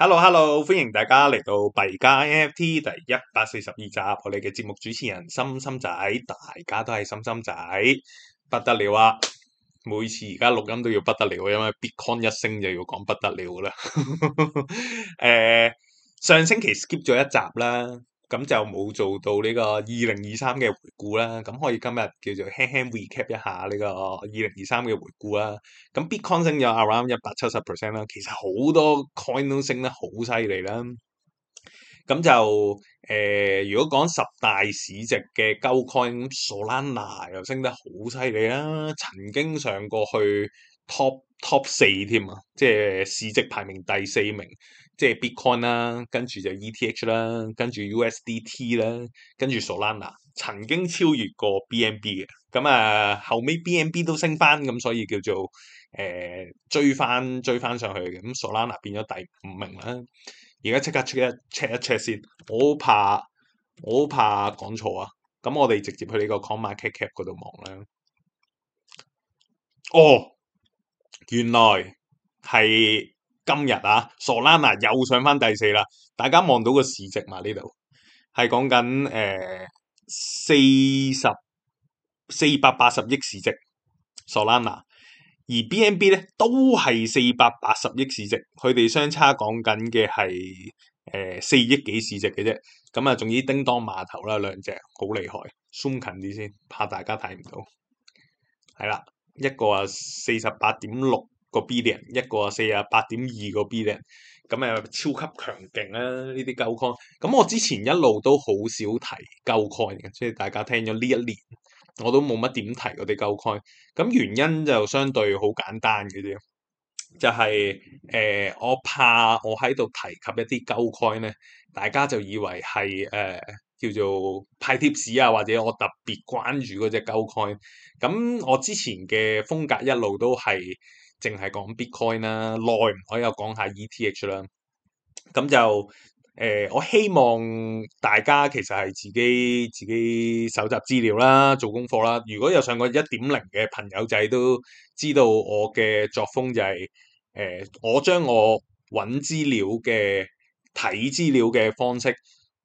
Hello Hello，歡迎大家嚟到幣加 NFT 第一百四十二集，我哋嘅節目主持人心心仔，大家都係心心仔，不得了啊！每次而家錄音都要不得了，因為 Bitcoin 一升就要講不得了啦。誒、 呃，上星期 skip 咗一集啦。咁就冇做到呢個二零二三嘅回顧啦，咁可以今日叫做輕輕 recap 一下呢個二零二三嘅回顧啦。咁 Bitcoin 升咗 around 一百七十 percent 啦，其實好多 coin 都升得好犀利啦。咁就誒、呃，如果講十大市值嘅 go coin，Solana 又升得好犀利啦，曾經上過去 top top 四添啊，即係市值排名第四名。即係 Bitcoin 啦，跟住就 ETH 啦，跟住 USDT 啦，跟住 Solana 曾經超越過 BNB 嘅，咁啊後尾 BNB 都升翻，咁所以叫做誒、呃、追翻追翻上去嘅，咁 Solana 變咗第五名啦。而家即刻 check 一 check 一 check 先，我好怕我好怕講錯啊。咁我哋直接去呢個 CoinMarketCap 嗰度望啦。哦，原來係。今日啊，Solana 又上返第四啦！大家望到個市值嘛？呢度係講緊誒四十四百八十億市值，Solana 而 BNB 咧都係四百八十億市值，佢哋相差講緊嘅係誒四億幾市值嘅啫。咁、嗯、啊，仲依叮噹碼頭啦，兩隻好厲害，縮近啲先，怕大家睇唔到。係啦，一個啊四十八點六。個 billion，一個四啊八點二個 billion，咁啊超級強勁啦。呢啲鳩 coin，咁我之前一路都好少提鳩 coin 嘅，所以大家聽咗呢一年我都冇乜點提嗰啲鳩 coin。咁原因就相對好簡單嘅啫，就係、是、誒、呃、我怕我喺度提及一啲鳩 coin 咧，大家就以為係誒、呃、叫做派 tips 啊，或者我特別關注嗰隻鳩 coin。咁我之前嘅風格一路都係。淨係講 Bitcoin 啦，耐唔可以又講下 ETH 啦。咁就誒、呃，我希望大家其實係自己自己搜集資料啦，做功課啦。如果有上過一點零嘅朋友仔，都知道我嘅作風就係、是、誒、呃，我將我揾資料嘅睇資料嘅方式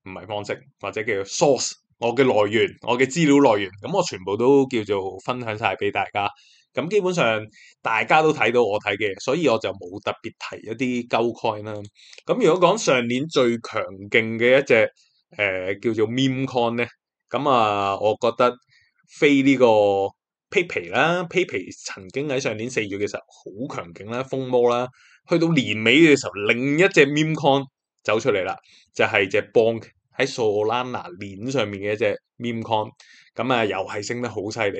唔係方式，或者叫做 source，我嘅來源，我嘅資料來源，咁我全部都叫做分享晒俾大家。咁基本上大家都睇到我睇嘅，所以我就冇特別提一啲狗 coin 啦。咁如果講上年最強勁嘅一隻，誒、呃、叫做 Meme Coin 咧，咁啊，我覺得非呢個 Pepe 啦，Pepe 曾經喺上年四月嘅時候好強勁啦，瘋魔啦，去到年尾嘅時候，另一隻 Meme Coin 走出嚟啦，就係、是、隻 Bonk 喺 Solana 鏈上面嘅一隻 Meme Coin，咁啊，又係升得好犀利。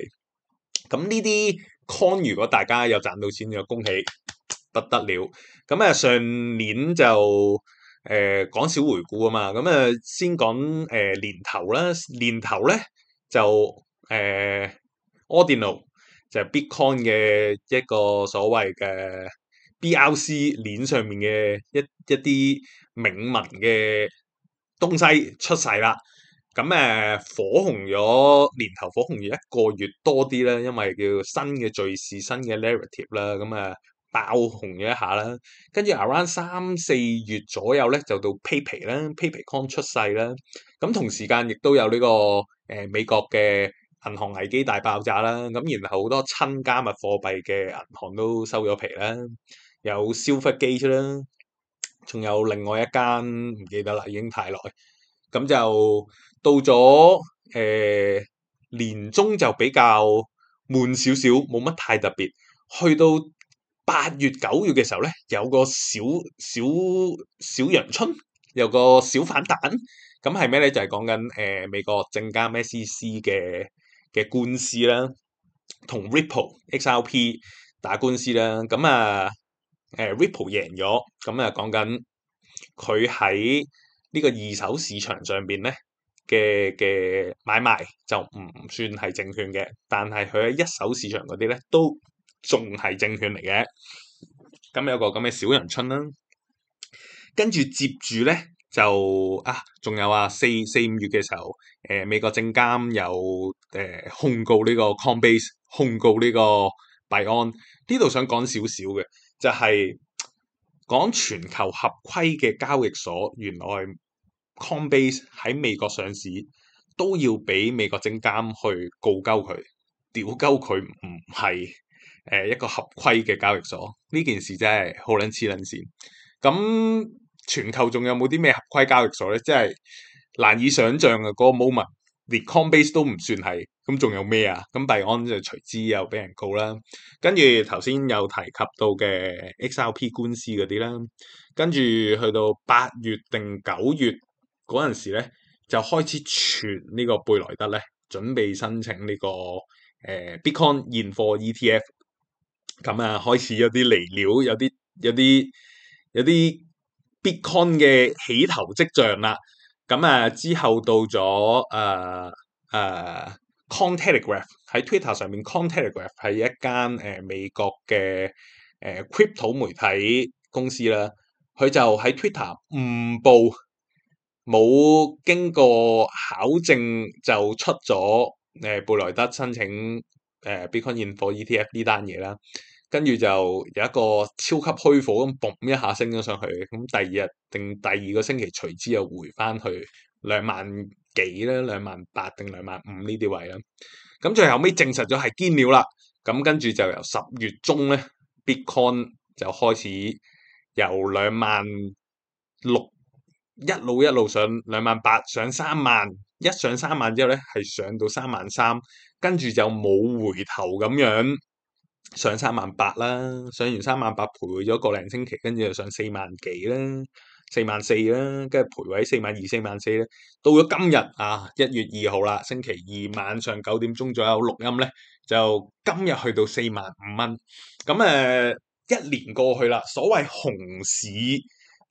咁呢啲。Con 如果大家有賺到錢就恭喜不得了。咁啊，上年就誒講少回顧啊嘛。咁啊，先講誒年頭啦。年頭咧就誒，all 電路就係 Bitcoin 嘅一個所謂嘅 BLC 鏈上面嘅一一啲名文嘅東西出世啦。咁誒火紅咗年頭，火紅咗一個月多啲啦，因為叫做新嘅敘事、新嘅 narrative 啦，咁、嗯、誒爆紅咗一下啦。跟住 around 三四月左右咧，就到 Pepe 啦，Pepe coin 出世啦。咁、嗯、同時間亦都有呢、這個誒、呃、美國嘅銀行危機大爆炸啦。咁、嗯、然後好多親加密貨幣嘅銀行都收咗皮啦，有 Silvergate 啦，仲有另外一間唔記得啦，已經太耐。咁、嗯、就～到咗誒、呃、年中就比較悶少少，冇乜太特別。去到八月九月嘅時候咧，有個小小小陽春，有個小反彈。咁係咩咧？就係講緊誒美國證監 SEC 嘅嘅官司啦，同 Ripple XRP 打官司啦。咁啊誒 Ripple 贏咗，咁啊講緊佢喺呢個二手市場上邊咧，嘅嘅買賣就唔算係證券嘅，但係佢喺一手市場嗰啲咧都仲係證券嚟嘅。咁有個咁嘅小人春啦、啊，跟住接住咧就啊，仲有啊四四五月嘅時候，誒、呃、美國證監有誒、呃、控告呢個 Coinbase 控告呢個幣安。呢度想講少少嘅，就係、是、講全球合規嘅交易所原來。Coinbase 喺美國上市都要俾美國證監去告鳩佢，屌鳩佢唔係誒一個合規嘅交易所，呢件事真係好撚黐撚線。咁全球仲有冇啲咩合規交易所咧？即係難以想像嘅嗰個 moment，連 Coinbase 都唔算係，咁仲有咩啊？咁幣安就隨之又俾人告啦。跟住頭先有提及到嘅 XRP 官司嗰啲啦，跟住去到八月定九月。嗰陣時咧，就開始傳呢個貝萊德咧，準備申請呢、這個誒、呃、Bitcoin 現貨 ETF。咁啊，開始有啲離料，有啲有啲有啲 Bitcoin 嘅起頭跡象啦。咁啊，之後到咗誒誒、呃呃、Coin Telegraph 喺 Twitter 上面，Coin Telegraph 係一間誒、呃、美國嘅誒、呃、Crypto 媒體公司啦。佢就喺 Twitter 誤報。冇經過考證就出咗誒貝萊德申請誒、呃、Bitcoin 現貨 ETF 呢單嘢啦，跟住就有一個超級虛火咁，boom 一下升咗上去，咁第二日定第二個星期隨之又回翻去兩萬幾啦，兩萬八定兩萬五呢啲位啦，咁最後尾證實咗係堅料啦，咁跟住就由十月中咧 Bitcoin 就開始由兩萬六。一路一路上兩萬八，上三萬，一上三萬之後咧係上到三萬三，跟住就冇回頭咁樣上三萬八啦，上三萬八，上完三萬八徘徊咗個零星期，跟住就上四萬幾啦，四萬四啦，跟住徘徊四萬二四萬四啦，到咗今日啊一月二號啦，星期二晚上九點鐘左右錄音咧，就今日去到四萬五蚊，咁、嗯、誒一年過去啦，所謂熊市。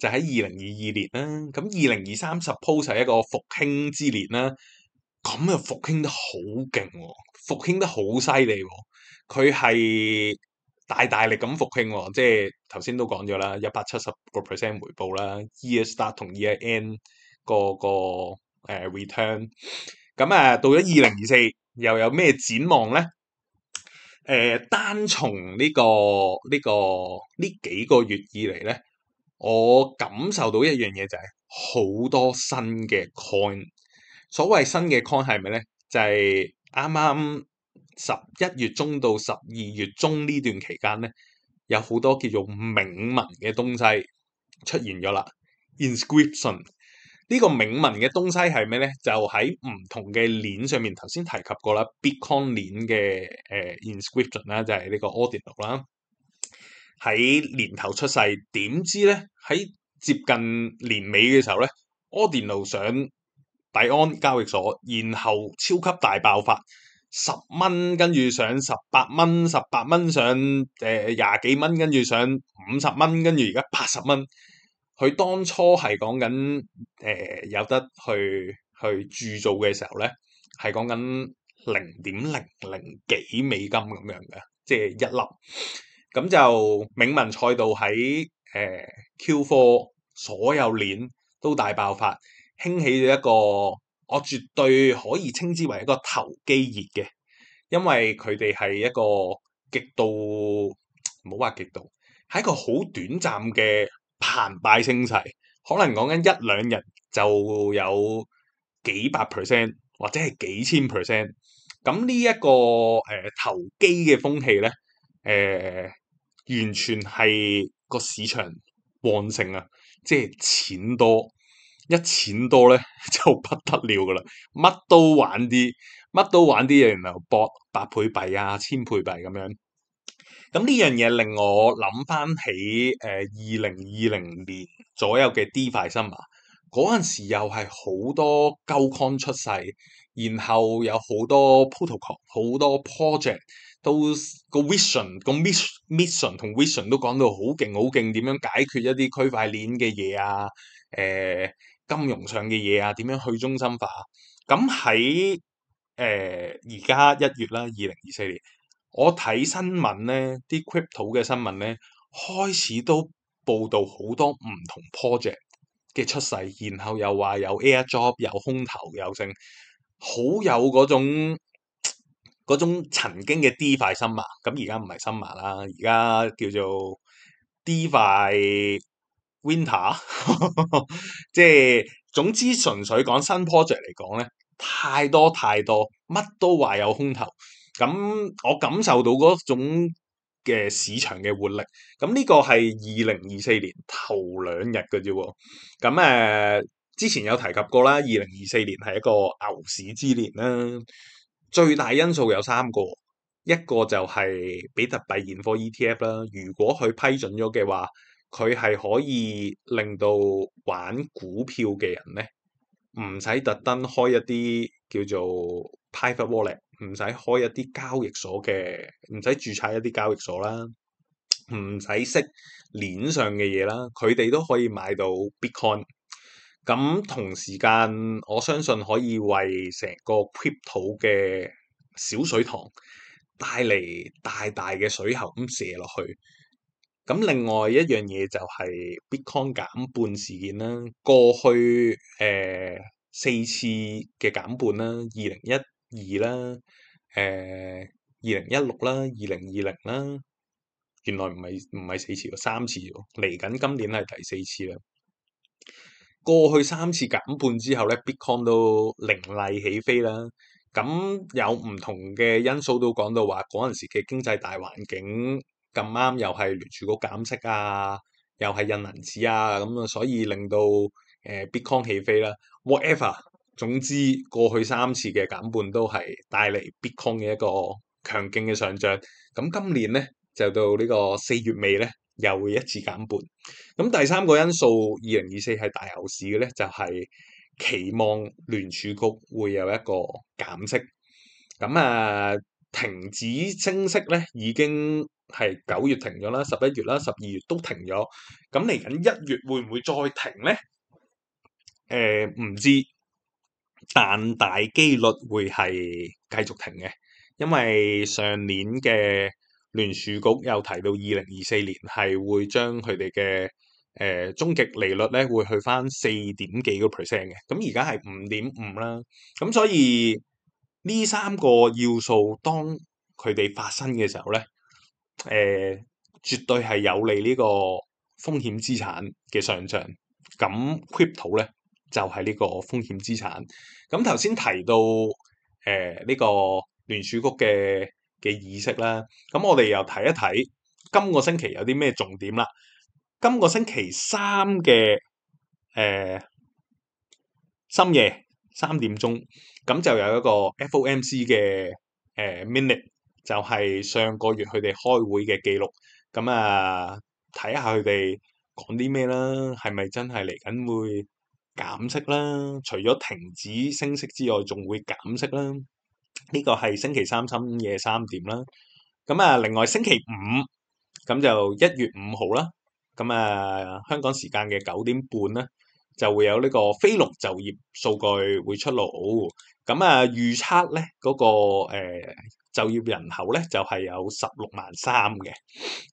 就喺二零二二年啦，咁二零二三十 post 係一個復興之年啦，咁又復興得好勁喎，復興得好犀利喎，佢係大大力咁復興喎，即係頭先都講咗啦，一百七十個 percent 回報啦，year start 同 year end 個個誒 return，咁啊到咗二零二四又有咩展望咧？誒、呃、單從呢、呢個呢、呢個呢幾個月以嚟咧？我感受到一樣嘢就係、是、好多新嘅 coin。所謂新嘅 coin 係咪咧？就係啱啱十一月中到十二月中呢段期間咧，有好多叫做銘文嘅東西出現咗啦。inscription 呢、這個銘文嘅東西係咩咧？就喺唔同嘅鏈上面，頭先提及過啦，Bitcoin 鏈嘅誒 inscription 啦，呃、inscription，就係呢個 Ordinal 啦。喺年頭出世，點知咧？喺接近年尾嘅時候咧，柯田路上底安交易所，然後超級大爆發，十蚊跟住上十八蚊，十八蚊上誒廿幾蚊，跟住上五十蚊，跟住而家八十蚊。佢當初係講緊誒有得去去鑄造嘅時候咧，係講緊零點零零幾美金咁樣嘅，即係一粒。咁就銘文賽道喺誒、呃、Q4 所有鏈都大爆發，興起咗一個我絕對可以稱之為一個投機熱嘅，因為佢哋係一個極度，唔好話極度，係一個好短暫嘅澎湃升勢，可能講緊一兩日就有幾百 percent 或者係幾千 percent。咁、這個呃、呢一個誒投機嘅風氣咧，誒、呃。完全係個市場旺盛啊！即係錢多，一錢多咧就不得了噶啦，乜都玩啲，乜都玩啲嘢，然後博百倍幣啊、千倍幣咁樣。咁呢樣嘢令我諗翻起誒二零二零年左右嘅 DeFi Summer，嗰陣時又係好多高康出世，然後有好多 protocol、好多 project。都個 vision、個 mission 同 vision 都講到好勁、好勁，點樣解決一啲區塊鏈嘅嘢啊？誒、呃，金融上嘅嘢啊，點樣去中心化？咁喺誒而家一月啦，二零二四年，我睇新聞咧，啲 crypto 嘅新聞咧，開始都報道好多唔同 project 嘅出世，然後又話有 airdrop、有空投、有剩，好有嗰種。嗰種曾經嘅 DeFi Summer，咁而家唔係 Summer 啦，而家叫做 DeFi Winter， 即係總之純粹講新 project 嚟講咧，太多太多，乜都話有空頭，咁我感受到嗰種嘅市場嘅活力，咁呢個係二零二四年頭兩日嘅啫喎，咁誒、呃、之前有提及過啦，二零二四年係一個牛市之年啦。最大因素有三個，一個就係比特幣現貨 ETF 啦。如果佢批准咗嘅話，佢係可以令到玩股票嘅人咧，唔使特登開一啲叫做 private wallet，唔使開一啲交易所嘅，唔使註冊一啲交易所啦，唔使識鏈上嘅嘢啦，佢哋都可以買到 Bitcoin。咁同時間，我相信可以為成個 crypto 嘅小水塘帶嚟大大嘅水喉咁射落去。咁另外一樣嘢就係 Bitcoin 減半事件啦。過去誒、呃、四次嘅減半啦，二零一二啦，誒二零一六啦，二零二零啦，原來唔係唔係四次，三次喎。嚟緊今年係第四次啦。過去三次減半之後咧，Bitcoin 都凌厲起飛啦。咁有唔同嘅因素都講到話，嗰陣時嘅經濟大環境咁啱，又係聯儲局減息啊，又係印銀紙啊，咁啊，所以令到誒、呃、Bitcoin 起飛啦。Whatever，總之過去三次嘅減半都係帶嚟 Bitcoin 嘅一個強勁嘅上漲。咁今年咧就到呢個四月尾咧。又會一次減半。咁第三個因素，二零二四係大牛市嘅咧，就係、是、期望聯儲局會有一個減息。咁啊，停止升息咧，已經係九月停咗啦，十一月啦，十二月都停咗。咁嚟緊一月會唔會再停咧？誒、呃，唔知，但大機率會係繼續停嘅，因為上年嘅。聯儲局又提到二零二四年係會將佢哋嘅誒終極利率咧會去返四點幾個 percent 嘅，咁而家係五點五啦，咁所以呢三個要素當佢哋發生嘅時候咧，誒、呃、絕對係有利呢個風險資產嘅上漲，咁 crypto 咧就係、是、呢個風險資產，咁頭先提到誒呢、呃這個聯儲局嘅。嘅意識啦，咁我哋又睇一睇今個星期有啲咩重點啦。今個星期三嘅誒、呃、深夜三點鐘，咁就有一個 FOMC 嘅誒、呃、minute，就係上個月佢哋開會嘅記錄。咁啊，睇下佢哋講啲咩啦，係咪真係嚟緊會減息啦？除咗停止升息之外，仲會減息啦。呢個係星期三深夜三點啦，咁啊，另外星期五咁就一月五號啦，咁啊，香港時間嘅九點半咧就會有呢個非農就業數據會出爐，咁啊預測咧嗰個、呃、就業人口咧就係、是、有十六萬三嘅，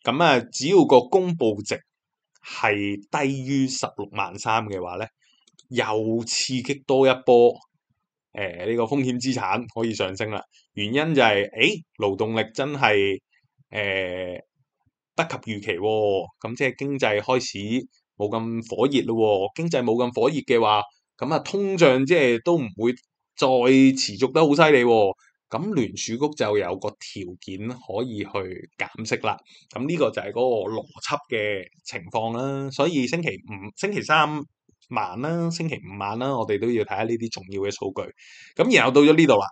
咁啊只要個公佈值係低於十六萬三嘅話咧，又刺激多一波。誒，呢、呃這個風險資產可以上升啦，原因就係、是、誒，勞動力真係誒、呃、不及預期、哦，咁、嗯、即係經濟開始冇咁火熱咯、哦，經濟冇咁火熱嘅話，咁、嗯、啊通脹即係都唔會再持續得好犀利，咁、嗯、聯儲局就有個條件可以去減息啦，咁、嗯、呢、這個就係嗰個邏輯嘅情況啦，所以星期五、星期三晚啦，星期五晚啦，我哋都要睇下呢啲重要嘅數據。咁然後到咗呢度啦，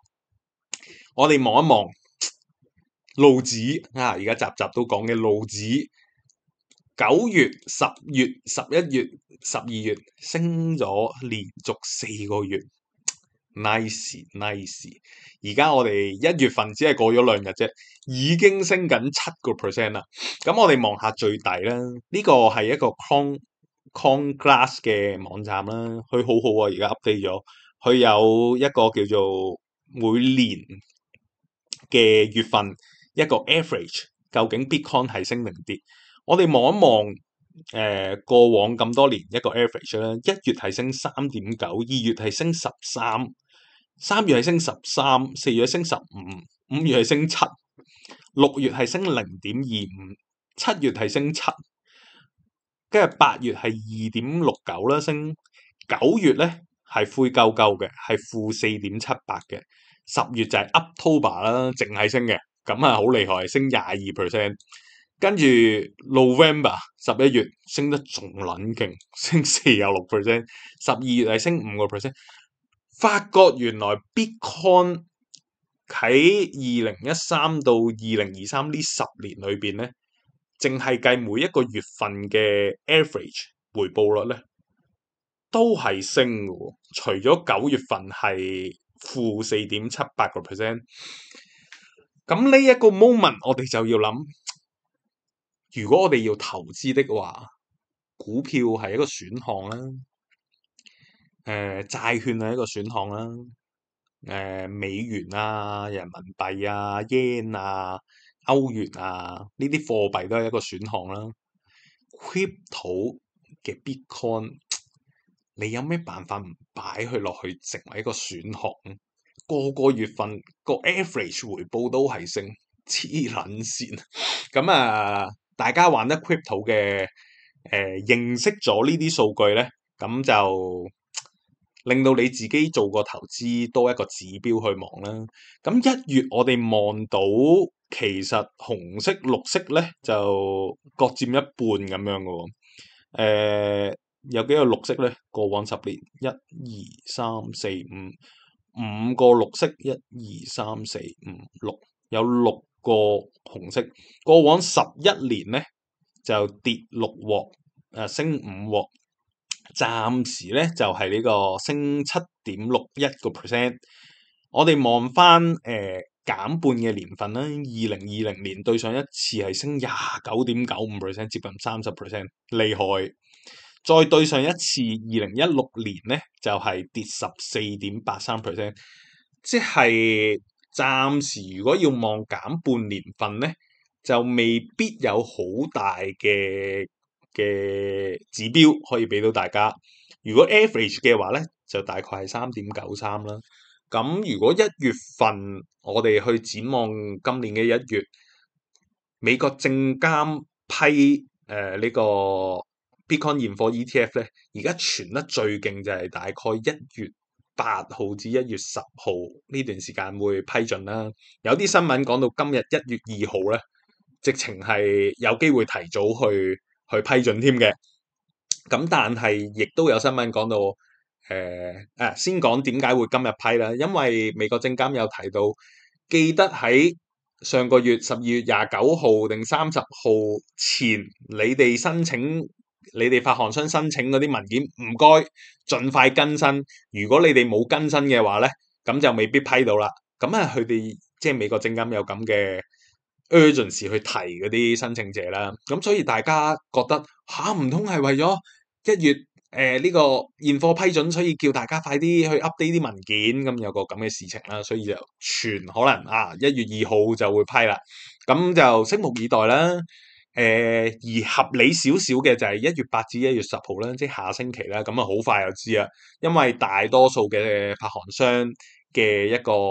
我哋望一望路指啊，而家集集都講嘅路指，九月、十月、十一月、十二月升咗連續四個月，nice nice。而家我哋一月份只係過咗兩日啫，已經升緊七個 percent 啦。咁我哋望下最大啦，呢個係一個 c Coinglass 嘅網站啦，佢好好啊！而家 update 咗，佢有一個叫做每年嘅月份一個 average，究竟 Bitcoin 係升定跌？我哋望一望誒、呃、過往咁多年一個 average 啦。一月係升三點九，二月係升十三，三月係升十三，四月係升十五，五月係升七，六月係升零點二五，七月係升七。今日八月係二點六九啦，升九月咧係灰勾勾灰鳩鳩嘅，係負四點七八嘅。十月就係 October 啦，淨係升嘅，咁啊好厲害，升廿二 percent。跟住 November 十一月升得仲撚勁，升四十六 percent。十二月係升五個 percent。發覺原來 Bitcoin 喺二零一三到二零二三呢十年裏邊咧。淨係計每一個月份嘅 average 回報率咧，都係升嘅喎，除咗九月份係負四點七八個 percent。咁呢一個 moment，我哋就要諗，如果我哋要投資的話，股票係一個選項啦、啊，誒、呃、債券係一個選項啦、啊，誒、呃、美元啊、人民幣啊、yen 啊。歐元啊，呢啲貨幣都係一個選項啦。Crypto 嘅 Bitcoin，你有咩辦法唔擺佢落去成為一個選項？個個月份個 average 回報都係升黐撚線。咁啊、 嗯，大家玩得 Crypto 嘅誒、呃，認識咗呢啲數據咧，咁、嗯、就、嗯、令到你自己做個投資多一個指標去望啦。咁、嗯、一月我哋望到。其實紅色、綠色咧就各佔一半咁樣嘅喎、哦呃。有幾個綠色咧？過往十年，一、二、三、四、五，五個綠色，一、二、三、四、五、六，有六個紅色。過往十一年咧就跌六鑊、呃，升五鑊。暫時咧就係、是、呢個升七點六一個 percent。我哋望翻誒。呃減半嘅年份啦，二零二零年對上一次係升廿九點九五 percent，接近三十 percent，厲害。再對上一次二零一六年咧，就係跌十四點八三 percent，即係暫時如果要望減半年份咧，就未必有好大嘅嘅指標可以俾到大家。如果 average 嘅話咧，就大概係三點九三啦。咁如果一月份我哋去展望今年嘅一月，美國證監批誒、呃這個、呢個 Bitcoin 現貨 ETF 咧，而家傳得最勁就係大概一月八號至一月十號呢段時間會批准啦。有啲新聞講到今日一月二號咧，直情係有機會提早去去批准添嘅。咁但係亦都有新聞講到。誒誒、呃，先講點解會今日批啦？因為美國證監有提到，記得喺上個月十二月廿九號定三十號前，你哋申請、你哋發行商申請嗰啲文件唔該，盡快更新。如果你哋冇更新嘅話咧，咁就未必批到啦。咁啊，佢哋即係美國證監有咁嘅 urgency 去提嗰啲申請者啦。咁所以大家覺得嚇唔通係為咗一月？誒，呢、呃這個現貨批准，所以叫大家快啲去 update 啲文件，咁有個咁嘅事情啦，所以就全可能啊，一月二號就會批啦，咁就拭目以待啦。誒、呃，而合理少少嘅就係一月八至一月十號啦，即係下星期啦，咁啊好快就知啦，因為大多數嘅發行商嘅一個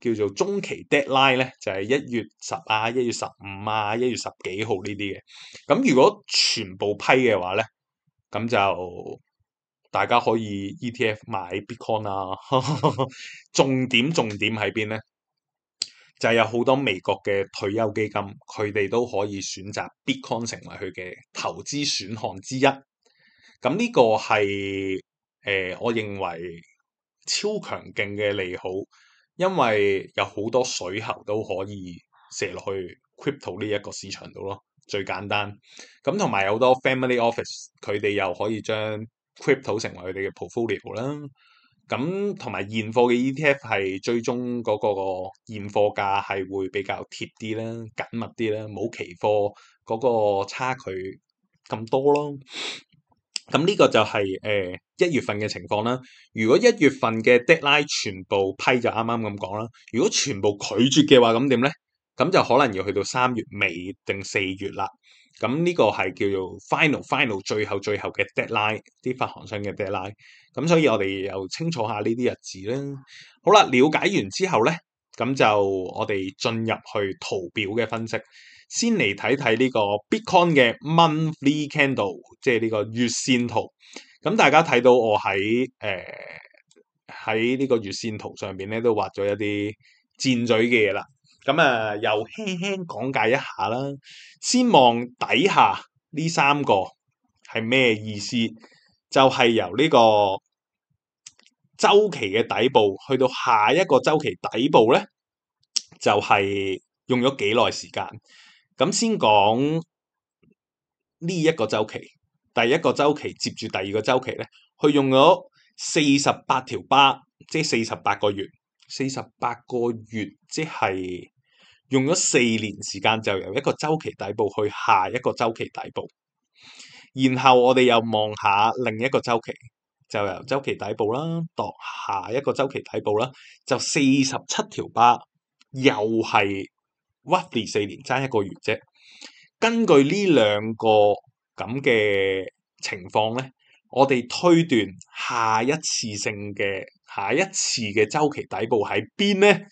叫做中期 deadline 咧，就係、是、一月十啊、一月十五啊、一月十幾號呢啲嘅，咁如果全部批嘅話咧。咁就大家可以 ETF 買 Bitcoin 啊。 重點重點喺邊咧？就係、是、有好多美國嘅退休基金，佢哋都可以選擇 Bitcoin 成為佢嘅投資選項之一。咁呢個係誒、呃，我認為超強勁嘅利好，因為有好多水喉都可以射落去 Crypto 呢一個市場度咯。最簡單，咁同埋好多 family office，佢哋又可以將 crypto 成為佢哋嘅 portfolio 啦。咁同埋現貨嘅 ETF 係最終嗰個個現貨價係會比較貼啲啦，緊密啲啦，冇期貨嗰個差距咁多咯。咁呢個就係誒一月份嘅情況啦。如果一月份嘅 deadline 全部批就啱啱咁講啦，如果全部拒絕嘅話，咁點咧？咁就可能要去到三月尾定四月啦。咁呢個係叫做 final final 最後最後嘅 deadline，啲發行商嘅 deadline。咁所以我哋又清楚下呢啲日子啦。好啦，了解完之後咧，咁就我哋進入去圖表嘅分析。先嚟睇睇呢個 Bitcoin 嘅 monthly candle，即係呢個月線圖。咁大家睇到我喺誒喺呢個月線圖上邊咧，都畫咗一啲箭嘴嘅嘢啦。咁啊、嗯，又輕輕講解一下啦。先望底下呢三個係咩意思？就係、是、由呢、這個周期嘅底部去到下一個周期底部咧，就係、是、用咗幾耐時間。咁先講呢一個周期，第一個周期接住第二個周期咧，佢用咗四十八條巴，即係四十八個月。四十八個月即係。用咗四年時間就由一個週期底部去下一個週期底部，然後我哋又望下另一個週期，就由週期底部啦，度下一個週期底部啦，就四十七條吧，又係屈嚟四年爭一個月啫。根據呢兩個咁嘅情況咧，我哋推斷下一次性嘅下一次嘅週期底部喺邊咧？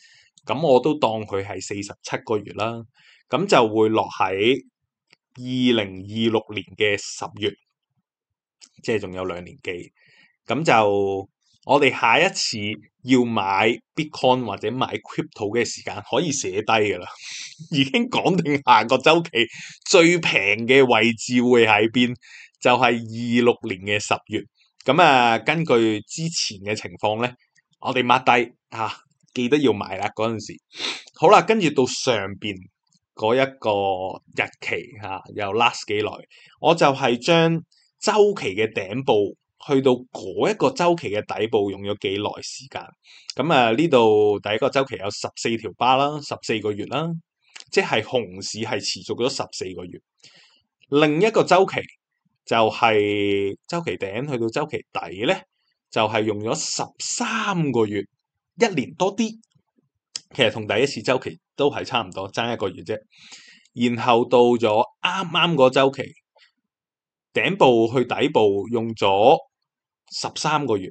咁我都當佢係四十七個月啦，咁就會落喺二零二六年嘅十月，即係仲有兩年幾，咁就我哋下一次要買 Bitcoin 或者買 Crypto 嘅時間可以寫低㗎啦， 已經講定下個週期最平嘅位置會喺邊，就係二六年嘅十月。咁啊，根據之前嘅情況咧，我哋抹低嚇。啊記得要買啦！嗰陣時，好啦，跟住到上邊嗰一個日期嚇，啊，又 last 幾耐，我就係將週期嘅頂部去到嗰一個週期嘅底部用咗幾耐時間。咁啊，呢度第一個週期有十四條巴啦，十四個月啦，啊，即係熊市係持續咗十四個月。另一個週期就係週期頂去到週期底咧，就係用咗十三個月。一年多啲，其實同第一次週期都係差唔多，爭一個月啫。然後到咗啱啱個週期頂部去底部用咗十三個月，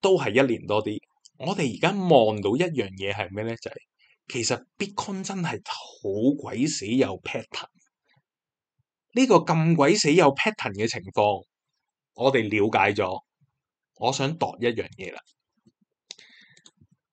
都係一年多啲。我哋而家望到一樣嘢係咩咧？就係其實 Bitcoin 真係好鬼死有 pattern。呢個咁鬼死有 pattern 嘅情況，我哋了解咗，我想度一樣嘢啦。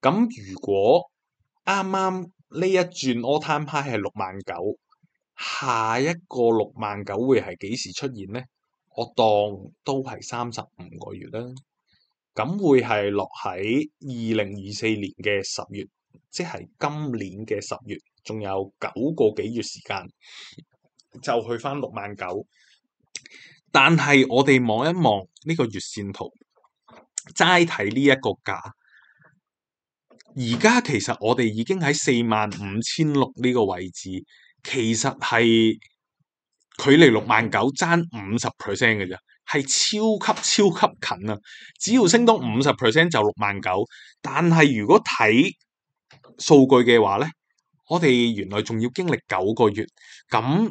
咁如果啱啱呢一轉 all time high 係六萬九，下一個六萬九會係幾時出現呢？我當都係三十五個月啦，咁會係落喺二零二四年嘅十月，即係今年嘅十月，仲有九個幾月時間就去返六萬九。但係我哋望一望呢個月線圖，齋睇呢一個價。而家其實我哋已經喺四萬五千六呢個位置，其實係距離六萬九爭五十 percent 嘅啫，係超級超級近啊！只要升到五十 percent 就六萬九，但係如果睇數據嘅話咧，我哋原來仲要經歷九個月，咁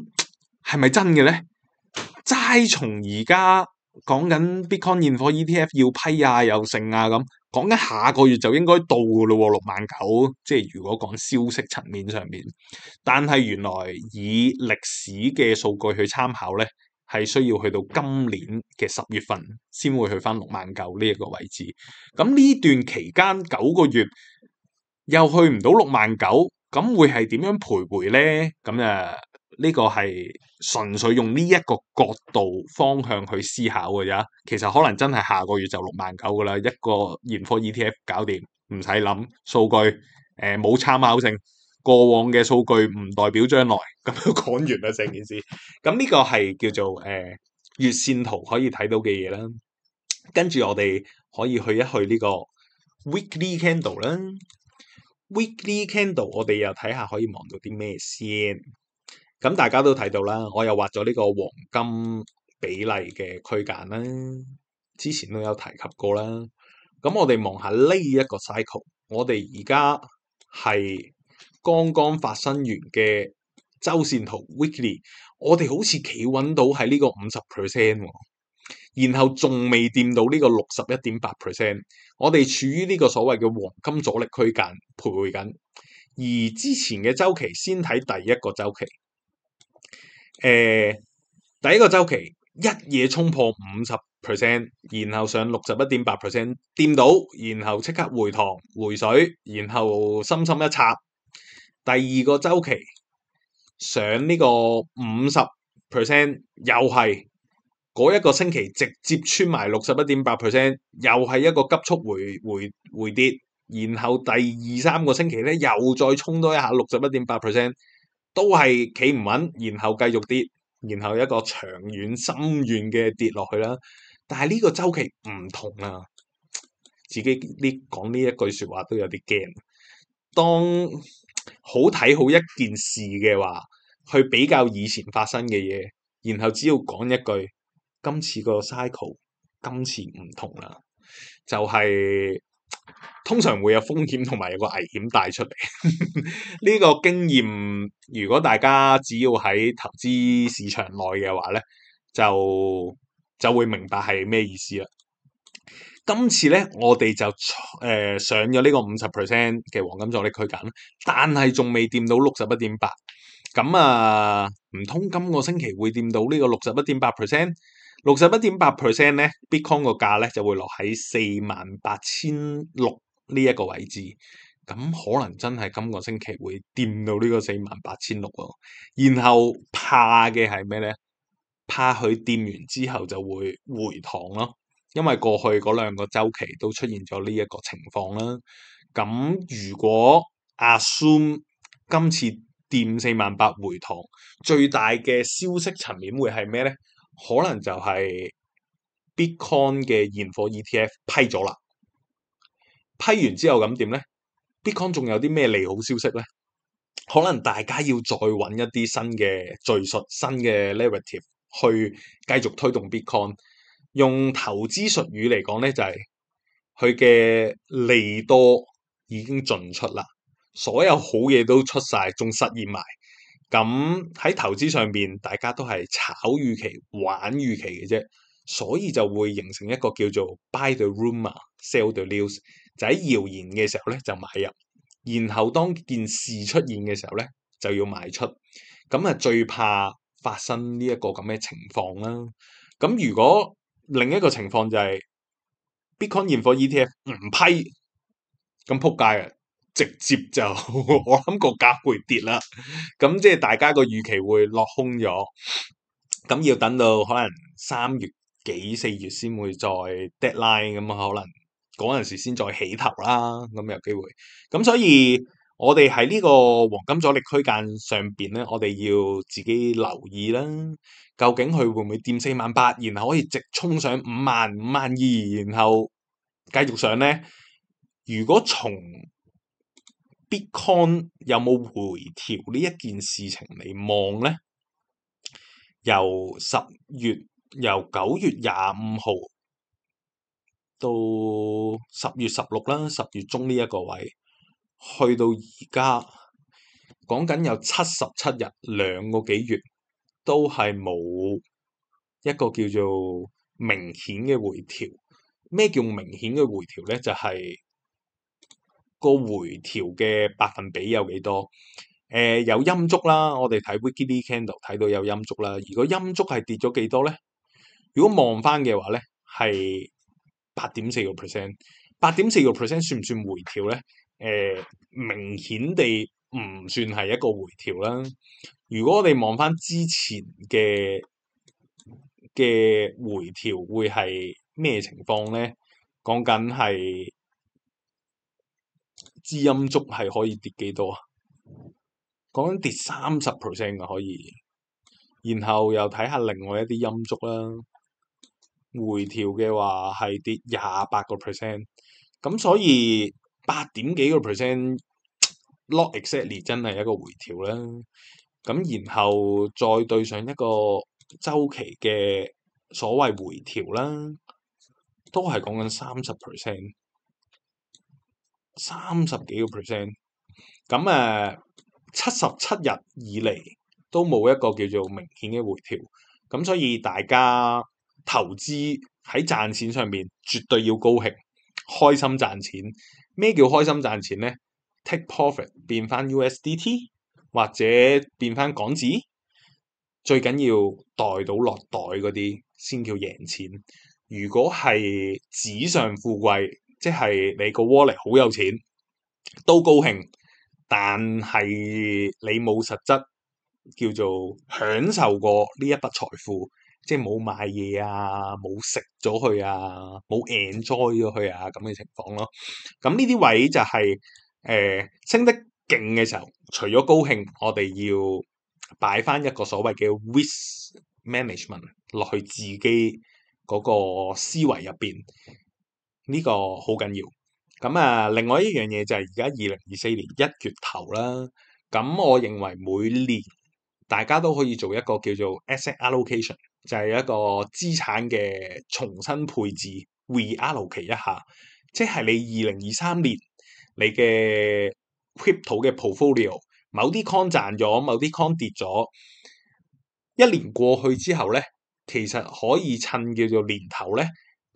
係咪真嘅咧？齋從而家。講緊 Bitcoin 現貨 ETF 要批啊，又剩啊咁，講緊下個月就應該到噶咯，六萬九。即係如果講消息層面上面，但係原來以歷史嘅數據去參考咧，係需要去到今年嘅十月份先會去返六萬九呢一個位置。咁、嗯、呢段期間九個月又去唔到六萬九，咁會係點樣徘徊咧？咁、嗯、啊？呢個係純粹用呢一個角度方向去思考嘅啫。其實可能真係下個月就六萬九噶啦，一個現貨 E T F 搞掂，唔使諗數據。誒、呃，冇參考性，過往嘅數據唔代表將來。咁都講完啦，成件事。咁、嗯、呢、這個係叫做誒、呃、月線圖可以睇到嘅嘢啦。跟住我哋可以去一去呢個 weekly candle 啦。weekly candle 我哋又睇下可以望到啲咩先。咁大家都睇到啦，我又畫咗呢個黃金比例嘅區間啦。之前都有提及過啦。咁我哋望下呢一個 cycle，我哋而家係剛剛發生完嘅周線圖 weekly，我哋好似企穩到喺呢個五十 percent，然後仲未掂到呢個六十一點八 percent。我哋處於呢個所謂嘅黃金阻力區間徘徊緊，而之前嘅周期先睇第一個周期。誒、呃，第一個周期一夜衝破五十 percent，然後上六十一點八 percent，掂到，然後即刻回堂回水，然後深深一插。第二個周期上呢個五十 percent，又係嗰一個星期直接穿埋六十一點八 percent，又係一個急速回回回跌，然後第二三個星期咧，又再衝多一下六十一點八 percent。都係企唔穩，然後繼續跌，然後一個長遠深遠嘅跌落去啦。但係呢個周期唔同啦、啊，自己呢講呢一句說話都有啲驚。當好睇好一件事嘅話，去比較以前發生嘅嘢，然後只要講一句，今次個 cycle 今次唔同啦，就係、是。通常會有風險同埋有個危險帶出嚟。呢個經驗如果大家只要喺投資市場內嘅話咧，就就會明白係咩意思啦。今次咧，我哋就誒、呃、上咗呢個五十 percent 嘅黃金阻力區間，但係仲未掂到六十一點八，咁啊唔通今個星期會掂到呢個六十一點八 percent？六十一點八 percent 咧，Bitcoin 個價咧就會落喺四萬八千六呢一個位置，咁可能真係今個星期會掂到呢個四萬八千六哦。然後怕嘅係咩咧？怕佢掂完之後就會回堂咯，因為過去嗰兩個週期都出現咗呢一個情況啦。咁如果 assume 今次掂四萬八回堂，最大嘅消息層面會係咩咧？可能就係 Bitcoin 嘅現貨 ETF 批咗啦，批完之後咁點咧？Bitcoin 仲有啲咩利好消息咧？可能大家要再揾一啲新嘅敘述、新嘅 narrative 去繼續推動 Bitcoin。用投資術語嚟講咧，就係佢嘅利多已經盡出啦，所有好嘢都出曬，仲實現埋。咁喺投資上邊，大家都係炒預期、玩預期嘅啫，所以就會形成一個叫做 buy the rumor，sell the news，就喺謠言嘅時候咧就買入，然後當件事出現嘅時候咧就要賣出。咁啊最怕發生呢一個咁嘅情況啦。咁如果另一個情況就係、是、Bitcoin 現貨 ETF 唔批，咁仆街啊！直接就 我諗個價會跌啦，咁即係大家個預期會落空咗，咁 要等到可能三月幾四月先會再 deadline 咁 可能嗰陣時先再起頭啦，咁 有機機會。咁 所以我哋喺呢個黃金阻力區間上邊咧， 我哋要自己留意啦， 究竟佢會唔會掂四萬八，然後可以直衝上五萬五萬二，然後繼續上咧？ 如果從 Bitcoin 有冇回調呢一件事情嚟望呢，由十月由九月廿五號到十月十六啦，十月中呢一個位，去到而家，講緊有七十七日兩個幾月，都係冇一個叫做明顯嘅回調。咩叫明顯嘅回調呢？就係。個回調嘅百分比有幾多？誒、呃、有陰燭啦，我哋睇 weekly candle 睇到有陰燭啦音。如果陰燭係跌咗幾多咧？如果望翻嘅話咧，係八點四個 percent，八點四個 percent 算唔算回調咧？誒、呃，明顯地唔算係一個回調啦。如果我哋望翻之前嘅嘅回調會係咩情況咧？講緊係。支陰燭係可以跌幾多啊？講緊跌三十 percent 啊，可以。然後又睇下另外一啲陰燭啦，回調嘅話係跌廿八個 percent。咁所以八點幾個 percent，not exactly 真係一個回調啦。咁然後再對上一個週期嘅所謂回調啦，都係講緊三十 percent。三十幾個 percent，咁誒七十七日以嚟都冇一個叫做明顯嘅回調，咁所以大家投資喺賺錢上面絕對要高興，開心賺錢。咩叫開心賺錢呢？Take profit，變翻 USDT 或者變翻港紙，最緊要袋到落袋嗰啲先叫贏錢。如果係紙上富貴，即係你個 wallet 好有錢都高興，但係你冇實質叫做享受過呢一筆財富，即係冇買嘢啊，冇食咗佢啊，冇 enjoy 咗佢啊咁嘅情況咯。咁呢啲位就係、是、誒、呃、升得勁嘅時候，除咗高興，我哋要擺翻一個所謂嘅 risk management 落去自己嗰個思維入邊。呢個好緊要，咁啊，另外一樣嘢就係而家二零二四年一月頭啦，咁我認為每年大家都可以做一個叫做 asset allocation，就係一個資產嘅重新配置，re-allocate 一下，即係你二零二三年你嘅 crypto 嘅 portfolio，某啲 coin 賺咗，某啲 coin 跌咗，一年過去之後咧，其實可以趁叫做年頭咧。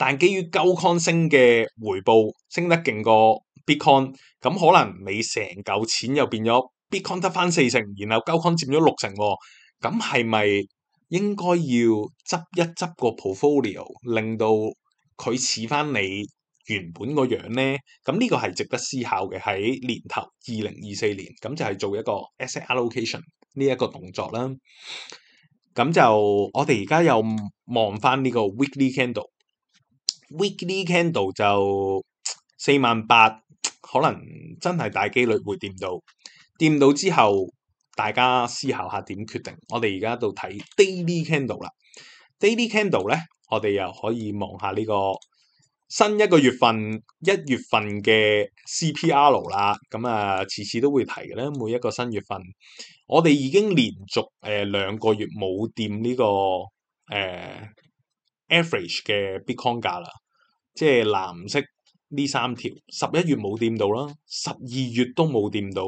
但基於 Golcoin 升嘅回報升得勁過 Bitcoin，咁可能你成嚿錢又變咗 Bitcoin 得翻四成，然後 Golcoin 佔咗六成喎、哦。咁係咪應該要執一執個 portfolio，令到佢似翻你原本樣呢個樣咧？咁呢個係值得思考嘅。喺年頭二零二四年，咁就係做一個 asset allocation 呢一個動作啦。咁就我哋而家又望翻呢個 weekly candle。Weekly candle 就四萬八，可能真係大機率會掂到，掂到之後大家思考下點決定。我哋而家到睇 Daily candle 啦，Daily candle 咧，我哋又可以望下呢個新一個月份一月份嘅 CPR 啦。咁啊，次次都會提嘅咧，每一個新月份，我哋已經連續誒兩個月冇掂呢個誒。呃 Average 嘅 Bitcoin 價啦，即係藍色呢三條，十一月冇掂到啦，十二月都冇掂到，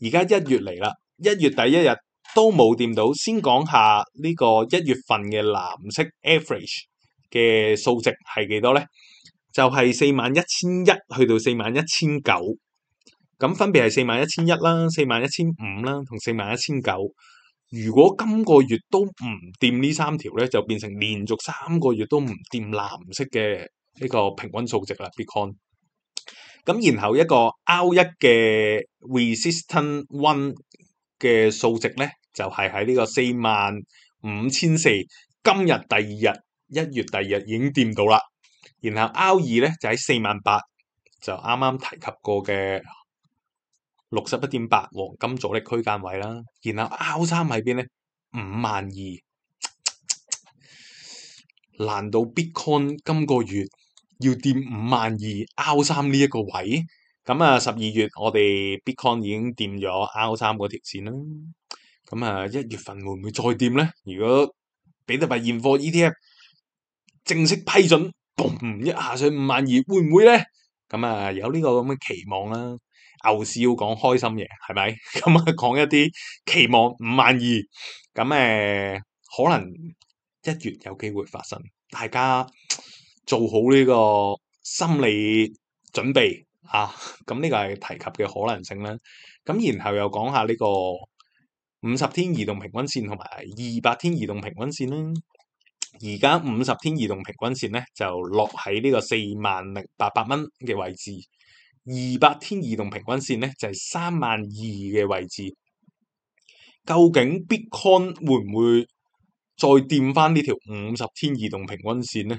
而家一月嚟啦，一月第一日都冇掂到。先講下呢個一月份嘅藍色 Average 嘅數值係幾多咧？就係四萬一千一去到四萬一千九，咁分別係四萬一千一啦、四萬一千五啦同四萬一千九。如果今個月都唔掂呢三條咧，就變成連續三個月都唔掂藍色嘅呢個平均數值啦。Bitcoin。咁然後一個 R 一嘅 Resistance One 嘅數值咧，就係喺呢個四萬五千四。今日第二日，一月第二日已經掂到啦。然後 R 二咧就喺四萬八，就啱啱提及過嘅。六十一點八黃金阻力區間位啦，然後 R 三喺邊咧？五萬二。嘖嘖嘖。難道 Bitcoin 今個月要掂五萬二 R 三呢一個位？咁啊，十二月我哋 Bitcoin 已經掂咗 R 三嗰條線啦。咁啊，一月份會唔會再掂咧？如果比特幣現貨 ETF 正式批准，嘣一下上五萬二，會唔會咧？咁啊，有呢個咁嘅期望啦、啊。牛市要講開心嘢，係咪？咁啊，講一啲期望五萬二，咁、呃、誒可能一月有機會發生，大家做好呢個心理準備啊！咁呢個係提及嘅可能性啦。咁然後又講下呢個五十天移動平均線同埋二百天移動平均線啦。而家五十天移動平均線咧就落喺呢個四萬零八百蚊嘅位置。二百天移動平均線呢，就係三萬二嘅位置，究竟 Bitcoin 會唔會再掂翻呢條五十天移動平均線呢？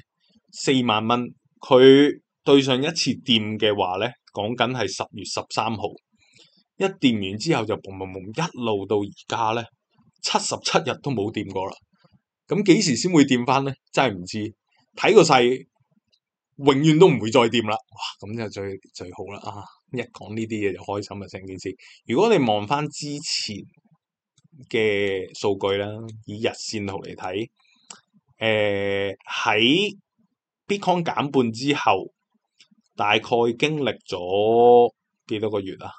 四萬蚊，佢對上一次掂嘅話呢，講緊係十月十三號，一掂完之後就砰砰砰一路到而家呢，七十七日都冇掂過啦。咁幾時先會掂翻呢？真係唔知，睇個勢。永遠都唔會再掂啦！哇，咁就最最好啦啊！一講呢啲嘢就開心啊，成件事。如果你望翻之前嘅數據啦，以日線圖嚟睇，誒、呃、喺 Bitcoin 減半之後，大概經歷咗幾多個月啊？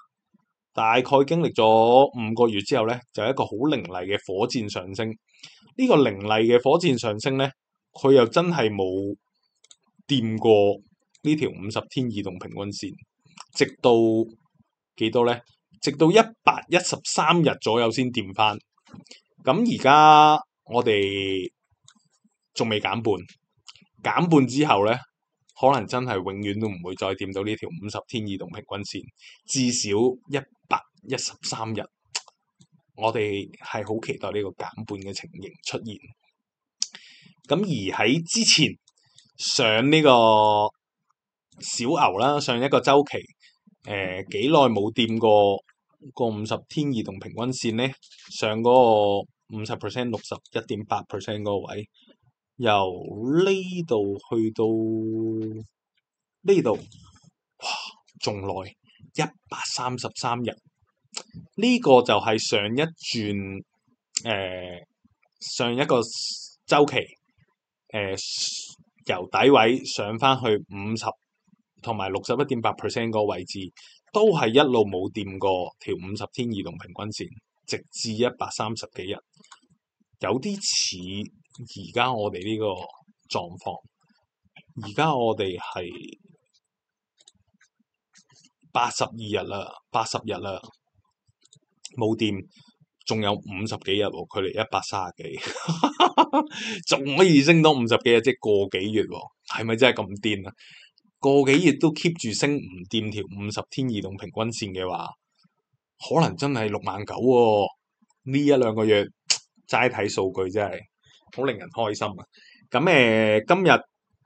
大概經歷咗五個月之後咧，就一個好凌厲嘅火箭上升。呢、這個凌厲嘅火箭上升咧，佢又真係冇。掂過呢條五十天移動平均線，直到幾多呢？直到一百一十三日左右先掂返。咁而家我哋仲未減半，減半之後呢，可能真係永遠都唔會再掂到呢條五十天移動平均線，至少一百一十三日。我哋係好期待呢個減半嘅情形出現。咁而喺之前。上呢個小牛啦，上一個周期，誒、呃，幾耐冇掂過個五十天移動平均線呢？上嗰個五十 percent、六十一點八 percent 嗰個位，由呢度去到呢度，哇，仲耐一百三十三日，呢、這個就係上一轉，誒、呃，上一個周期，誒、呃。由底位上返去五十同埋六十一點八 percent 個位置，都係一路冇掂過條五十天移動平均線，直至一百三十幾日，有啲似而家我哋呢個狀況，而家我哋係八十二日啦，八十日啦，冇掂，仲有五十幾日喎，距離一百三十幾。 仲可以升到五十幾日，即係個幾月，係咪真係咁癲啊？個幾月都 keep 住升唔掂條五十天移動平均線嘅話，可能真係六萬九喎。呢一兩個月齋睇數據真係好令人開心、啊。咁誒、呃，今日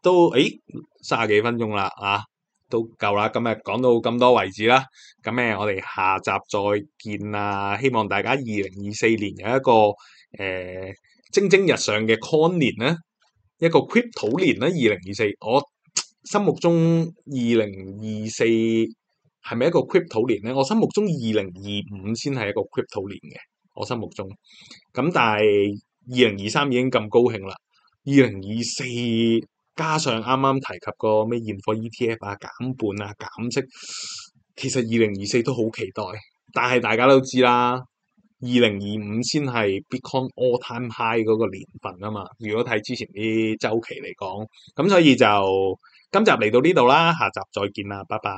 都誒卅幾分鐘啦，啊，都夠啦。今日講到咁多為止啦。咁誒、呃，我哋下集再見啦。希望大家二零二四年有一個誒。呃蒸蒸日上嘅 Con 年咧，一個 Crypto 年咧，二零二四，我心目中二零二四係咪一個 Crypto 年咧？我心目中二零二五先係一個 Crypto 年嘅，我心目中。咁但係二零二三已經咁高興啦，二零二四加上啱啱提及過咩現貨 ETF 啊，減半啊，減息，其實二零二四都好期待，但係大家都知啦。二零二五先係 Bitcoin all-time high 嗰個年份吖嘛，如果睇之前啲週期嚟講，咁所以就今集嚟到呢度啦，下集再見喇，拜拜。